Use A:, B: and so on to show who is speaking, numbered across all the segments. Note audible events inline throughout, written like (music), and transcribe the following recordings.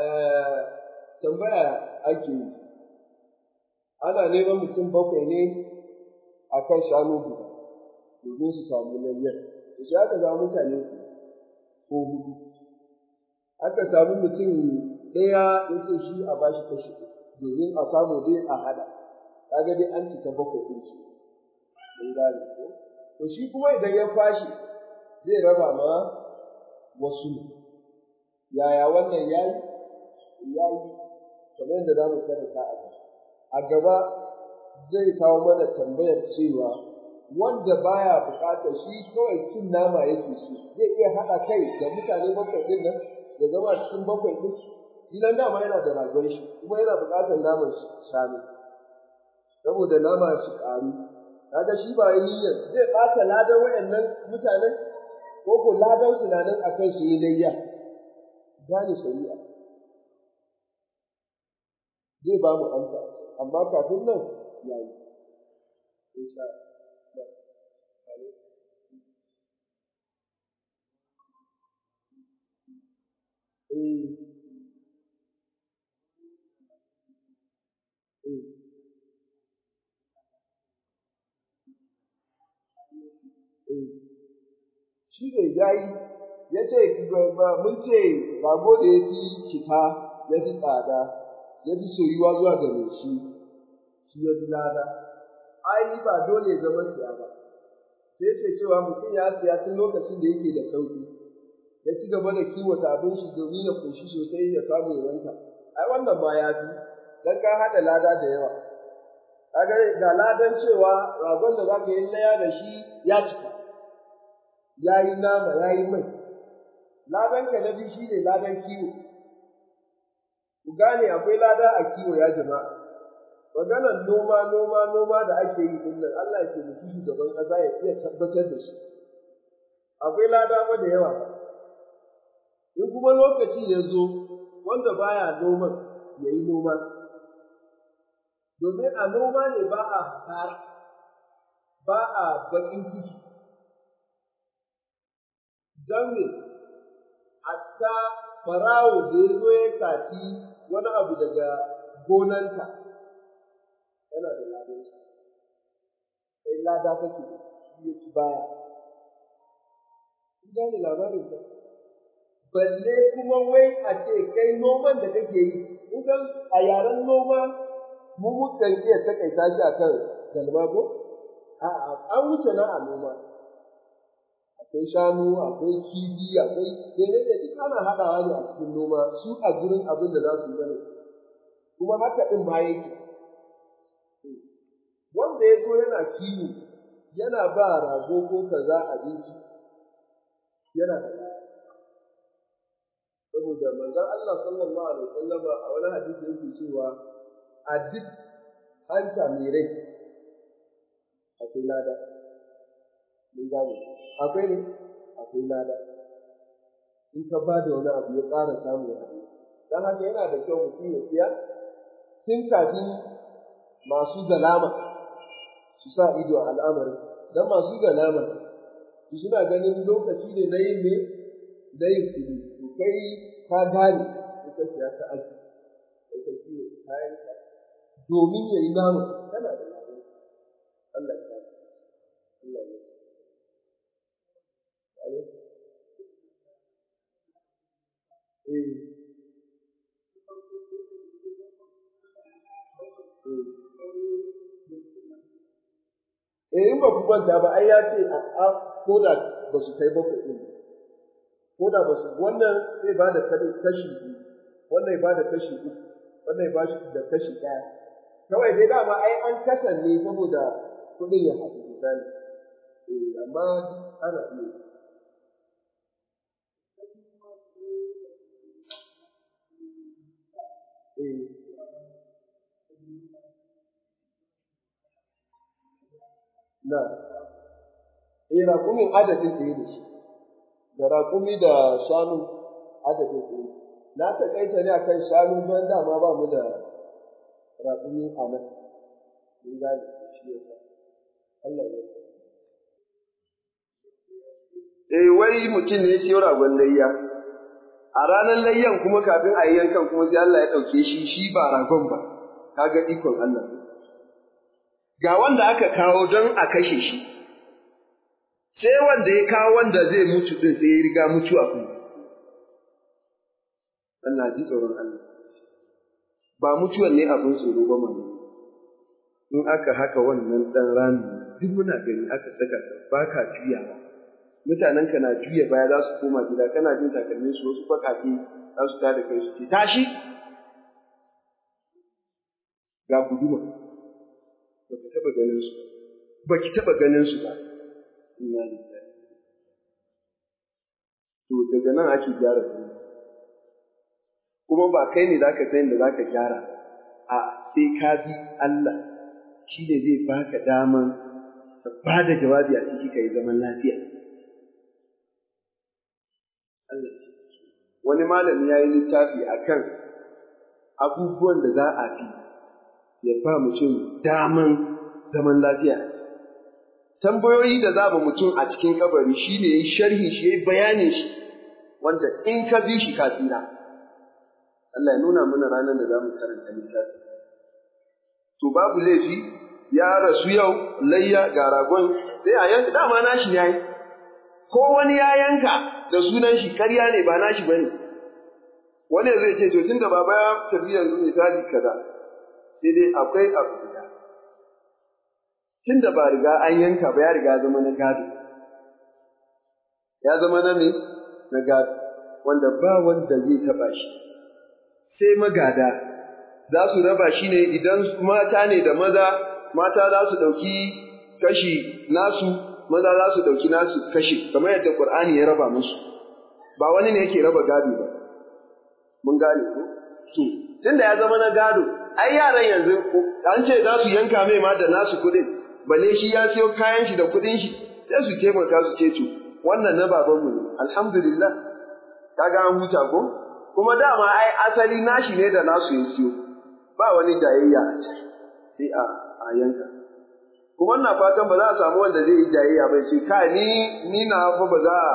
A: Eh, tambaya ake yi, ana neman mutum bakwai ne a kan shanu guda domin su samu layyar. Da shi aka samu mutane ko hudu, aka samu mutum ɗaya ya ce shi a bashi kashi domin a samu dai a hada, ta gadi an cika bakwai ɗin shi. Mun gane To shi kuma idan ya fashi zai raba ma wasu ne. yaya wannan ya yi ya yi kamar yadda za karanta a gaba a gaba zai kawo mana tambayar cewa wanda baya buƙatar shi kawai cin nama yake shi zai iya haɗa kai da mutane bakwai ɗin nan da zama cikin bakwai ɗin idan dama yana da ragon shi kuma yana buƙatar naman shanu saboda nama shi ƙaru kaga shi ba niyyar zai ɓata ladan wayannan mutanen ko ko ladan tunanin akan shi ne dai gane shari'a zai ba mu amsa amma kafin nan ya yi eh. eh. eh. shi ne ya yi ya ce mun ce rago da ya fi cika ya fi tsada ya fi soyuwa zuwa gare shi shi ya fi lada ai ba dole ya zama siya ba sai ce cewa mutum ya siya tun lokacin da yake da sauki ya ci gaba da kiwata abin shi domin ya koshi sosai ya samu ya yanka ai wannan ma ya fi dan ka haɗa lada da yawa kaga ga ladan cewa ragon da zaka yi laya da shi ya cika ya yi nama ya yi mai ladan ka na biyu shine ladan kiwo ku gane akwai lada a kiwo ya jama'a maganar noma noma noma da ake yi din nan Allah ya taimaki shugaban ƙasa ya iya tabbatar da shi akwai lada ma da yawa in kuma lokaci ya zo wanda baya noman ya yi noma domin a noma ne ba a hasara ba a baƙin ciki don ne hatta farawo da ya zo ya sati wani abu daga gonanta yana da ladan shi sai lada take shi ya ci baya ne labarin ba balle kuma wai a ce kai noman da kake yi kun a yaren noma mu mukan iya takaita shi akan galma ko a'a an wuce na a noma akwai shanu akwai kifi akwai dai da duk ana haɗawa ne a cikin noma su a gurin abin da za su yi kuma haka ɗin ba yake wanda ya zo yana kiwo yana ba rago ko kaza abinci yana da saboda manzon Allah sallallahu alaihi wasallam a wani hadisi yake cewa a duk hanta mai rai akwai lada samu akwai ne akwai lada in ka ba da wani abu ya ƙara samu ya don haka yana da kyau mutum ya siya tun kafin masu galama su sa ido a al'amarin don masu zalama su suna ganin lokaci ne na yin ne na yin kuɗi to kai ka gane ko ka siya ka aji kai ka kiwo kayan ka domin ya yi nama kana da lada Allah ya Allah ya alaikum eh in ba ku kwanta ba ai ya ce a koda ba su kai bakwai ɗin ko da ba su wannan zai ba da kashi biyu wannan ya ba da kashi uku wannan ya ba shi da kashi ɗaya kawai dai dama ai an kasan ne saboda kuɗin ya haɗu misali eh amma ana iya Ee na'am eh raƙumin adadin ɗaya ne shi da raƙumi da shanu adadin ɗaya ne na taƙaita ne akan shanu don dama ba mu da raƙumi a nan mun gane shi yasa Allah ya sa eh wai mutum ne ya siyo ragon layya a ranar layyan kuma kafin a yi yankan kuma sai Allah ya ɗauke shi shi ba ragon ba ga ikon Allah ga wanda aka kawo don a kashe shi sai wanda ya kawo wanda zai mutu din sai ya riga mutu a kuma Allah ji tsoron Allah ba mutuwan ne abin tsoro ba mana in aka haka wannan ɗan rami duk muna gani aka saka ba ka juyawa mutanenka na juya baya za su koma gida kana jin takalmin su wasu bakafi za su tada kai su ce tashi ga guduma ba ka taɓa ganin su ba ki taɓa ganin su ba ina ne to daga nan ake gyara kuma ba kai ne za ka san da za ka gyara a sai ka bi Allah shi ne zai baka daman ba da jawabi a ciki ka yi zaman lafiya. wani malami ya yi littafi a kan abubuwan da za a fi ya ba mutum daman zaman lafiya. Tambayoyi da za ba mutum a cikin kabari shi ne ya yi sharhi shi ya yi bayanin shi wanda in ka bi shi ka tsira. Allah ya nuna mana ranar da za mu karanta littafi. To babu laifi ya rasu yau layya ga ragon sai a yanka dama nashi ya yi. Ko wani ya yanka da sunan shi karya ne ba nashi ba ne. wani zai ce to tunda baba ya tafi yanzu misali kaza sai dai akwai abu guda tunda ba riga an yanka ba ya riga zama na gado ya zama na ne? na gado wanda ba wanda zai taba shi sai magada za su raba shi ne idan mata ne da maza mata za su ɗauki kashi nasu maza za su ɗauki nasu kashi kamar yadda Qur'ani ya raba musu ba wani ne yake raba gado ba mun gane ko to tunda ya zama na gado ai yaran yanzu an ce za su yanka mai ma da nasu kuɗin balle shi ya siyo kayan shi da kuɗin shi sai su taimaka su ce to wannan na babanmu ne alhamdulillah kaga an huta ko kuma dama ai asali nashi ne da nasu ya siyo ba wani jayayya a ciki sai a a yanka kuma na fatan ba za a samu wanda zai yi jayayya ba ce ka ni ni na fa ba za a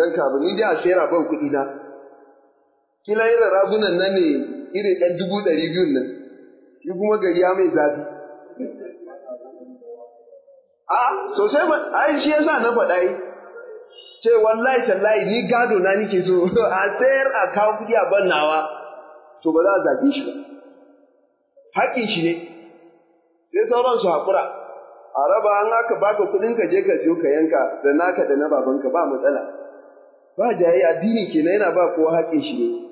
A: yanka ba ni dai a shera ban kuɗi na kila irin ragunan nan ne irin ɗan dubu ɗari biyun nan, shi kuma gari ya mai zafi. A, sosai ba, ai shi yasa na faɗa yi, ce wallahi tallahi ni gado na nike so, (laughs) a sayar a kawo kuɗi a ban nawa, to ba za a zafi shi ba. Haƙƙin shi ne, sai sauran su haƙura, a raba an aka baka kuɗin ka je ka siyo ka yanka da naka da na babanka ba matsala. Ba jayi addini kenan yana ba kowa haƙƙin shi ne.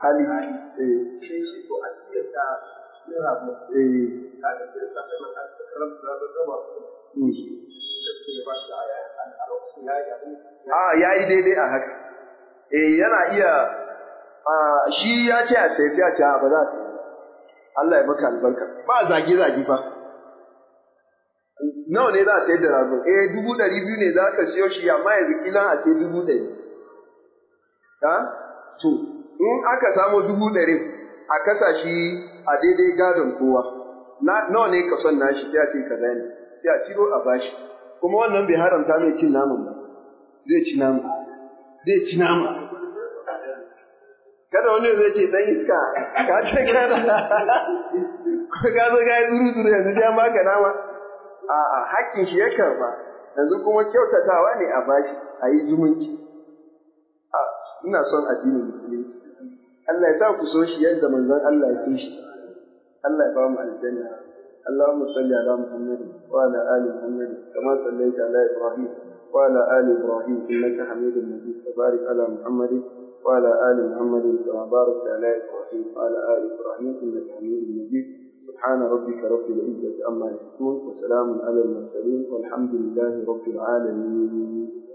A: hali a ah, ya yi daidai a haka eh yana iya shi ya ce a sai ya ce ba za su Allah ya maka albarka ba zage zage fa nawa ne za a sayar da rago eh dubu dari biyu ne za ka siyo shi amma yanzu kilan a ce dubu dari, ɗari ah? to in aka samo dubu ɗari a kasa shi a daidai gadon kowa nawa ne ka son nashi ya ce ka ne ya a ciro a bashi kuma wannan bai haramta mai cin naman ba zai ci nama zai ci nama kada wani zai ce dan iska ka ce ko ka zo ga zuru zuru yanzu ya maka nama a'a hakkin shi ya karba yanzu kuma kyautatawa ne a bashi a yi zumunci ina son addinin musulunci Allah ya sa ku so shi yadda manzon Allah ya so shi Allah ya ba mu aljanna Allahumma salli ala Muhammad wa ala ali Muhammad kama sallaita ala Ibrahim wa ala ali Ibrahim innaka Hamidum Majid tabarak ala Muhammad wa ala ali Muhammad kama barakta ala Ibrahim wa ala ali Ibrahim innaka Hamidum Majid سبحان ربك رب العزة عما يصفون وسلام على المرسلين والحمد لله رب العالمين